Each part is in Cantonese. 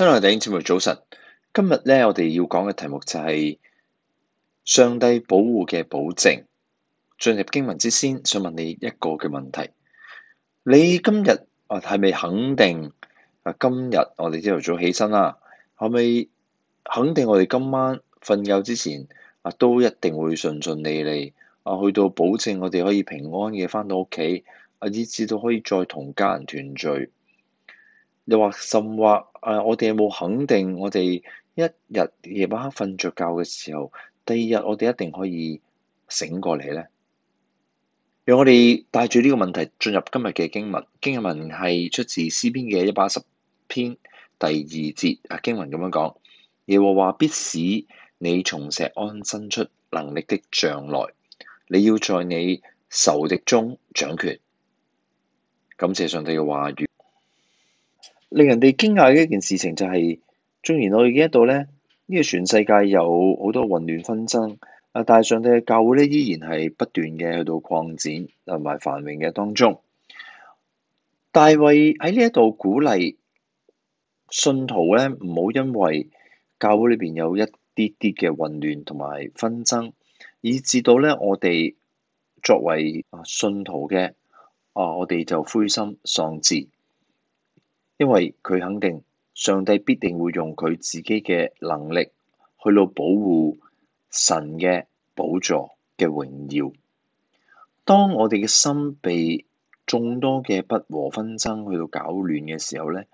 香港電台節目早晨。今日咧，我哋要講嘅題目就係、是、上帝保護嘅保證。進入經文之先，想問你一個嘅問題：你今日啊，係咪肯定啊？今日我哋朝頭早起身啦，係咪肯定我哋今晚瞓覺之前啊，都一定會順順利利啊，去到保證我哋可以平安嘅翻到屋企啊，以至到可以再同家人團聚。又或甚或，誒、呃，我哋有冇肯定我哋一日夜晚黑瞓着覺嘅時候，第二日我哋一定可以醒過嚟咧？讓我哋帶住呢個問題進入今日嘅經文。經文係出自詩篇嘅一百一十篇第二節啊。經文咁樣講：耶和華必使你從錫安伸出能力的杖來，你要在你仇敵中掌權。感謝上帝嘅話語。令人哋驚訝嘅一件事情就係、是，縱然我哋呢一度咧，呢個全世界有好多混亂紛爭啊，但上帝嘅教會咧依然係不斷嘅去到擴展同埋繁榮嘅當中。大衛喺呢一度鼓勵信徒咧，唔好因為教會裏邊有一啲啲嘅混亂同埋紛爭，以至到咧我哋作為啊信徒嘅啊，我哋就灰心喪志。因為佢肯定上帝必定會用佢自己嘅能力去到保護神嘅寶座嘅榮耀。當我哋嘅心被眾多嘅不和紛爭去到搞亂嘅時候咧，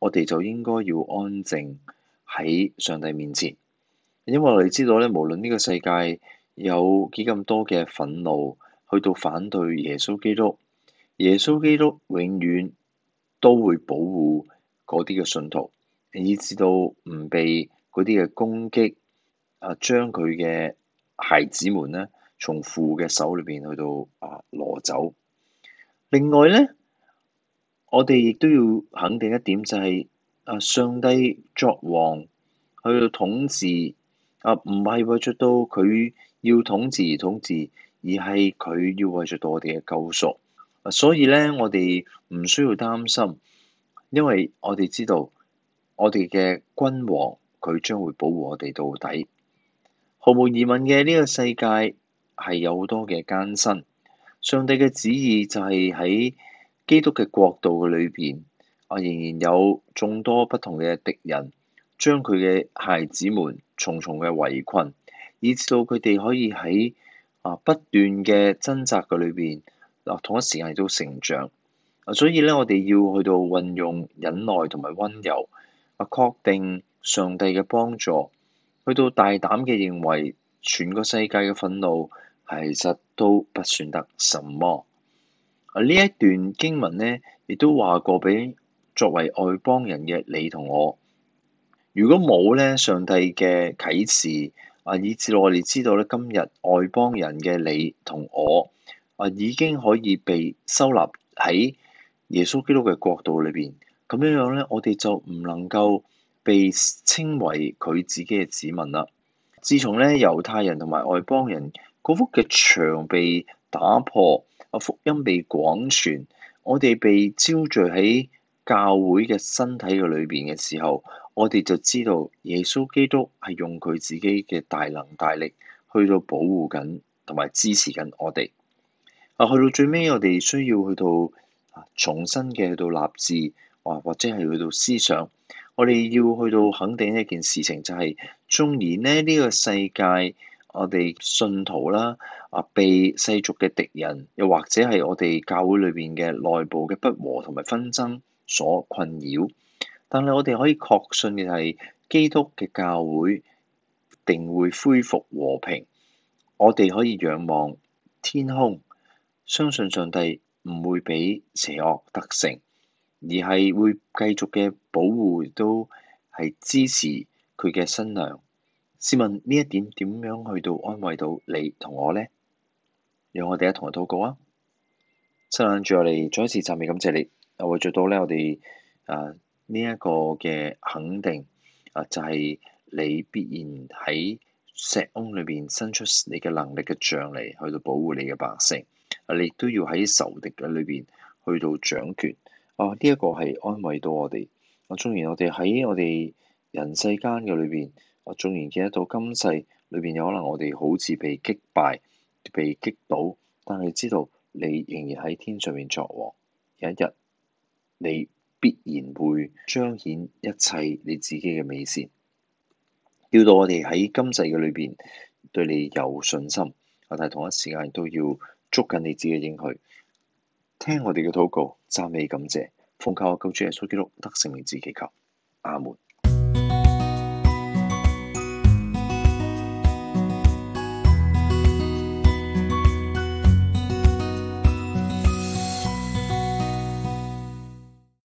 我哋就應該要安靜喺上帝面前。因為我哋知道咧，無論呢個世界有幾咁多嘅憤怒去到反對耶穌基督，耶穌基督永遠都會保護嗰啲嘅信徒，以至到唔被嗰啲嘅攻擊啊，將佢嘅孩子們咧，從父嘅手裏邊去到啊攞走。另外咧，我哋亦都要肯定一點，就係啊上帝作王去到統治啊，唔係為著到佢要統治而統治，而係佢要為著到我哋嘅救贖。所以咧，我哋唔需要擔心，因為我哋知道我哋嘅君王佢將會保護我哋到底，毫無疑問嘅呢個世界係有好多嘅艱辛。上帝嘅旨意就係喺基督嘅國度嘅裏邊，啊，仍然有眾多不同嘅敵人將佢嘅孩子們重重嘅圍困，以至到佢哋可以喺啊不斷嘅掙扎嘅裏邊。嗱，同一時間亦都成長，所以咧，我哋要去到運用忍耐同埋溫柔，啊，確定上帝嘅幫助，去到大膽嘅認為，全個世界嘅憤怒其實都不算得什麼。啊，呢一段經文咧，亦都話過俾作為外邦人嘅你同我，如果冇咧上帝嘅啟示，啊，以至我哋知道咧今日外邦人嘅你同我。啊！已經可以被收納喺耶穌基督嘅國度裏邊，咁樣樣咧，我哋就唔能夠被稱為佢自己嘅子民啦。自從咧猶太人同埋外邦人嗰幅嘅牆被打破，啊，福音被廣傳，我哋被招聚喺教會嘅身體嘅裏邊嘅時候，我哋就知道耶穌基督係用佢自己嘅大能大力去到保護緊同埋支持緊我哋。啊！去到最尾，我哋需要去到重新嘅去到立志，或或者係去到思想。我哋要去到肯定一件事情，就是，就係：縱然呢呢個世界，我哋信徒啦啊被世俗嘅敵人，又或者係我哋教會裏邊嘅內部嘅不和同埋紛爭所困擾，但係我哋可以確信嘅係基督嘅教會定會恢復和平。我哋可以仰望天空。相信上帝唔會畀邪惡得勝，而係會繼續嘅保護都係支持佢嘅新娘。試問呢一點點樣去到安慰到你同我呢？讓我哋一同佢禱告啊！撐攬住我哋再一次集別，感謝你。我哋做到呢。我哋啊呢一個嘅肯定啊、呃，就係、是、你必然喺錫安裏邊伸出你嘅能力嘅杖嚟，去到保護你嘅百姓。你亦都要喺仇敵嘅裏邊去到掌權啊，呢、這、一個係安慰到我哋啊、我縱然我哋喺我哋人世間嘅裏邊我縱然記得到今世裏邊有可能我哋好似被擊敗、被擊倒，但係知道你仍然喺天上面作王。有一日，你必然會彰顯一切你自己嘅美善，叫到我哋喺今世嘅裏邊對你有信心。啊、但係同一時間都要。捉緊你自己嘅應許，聽我哋嘅禱告，讚美感謝，奉靠我救主耶穌基督得勝名字祈求，阿門。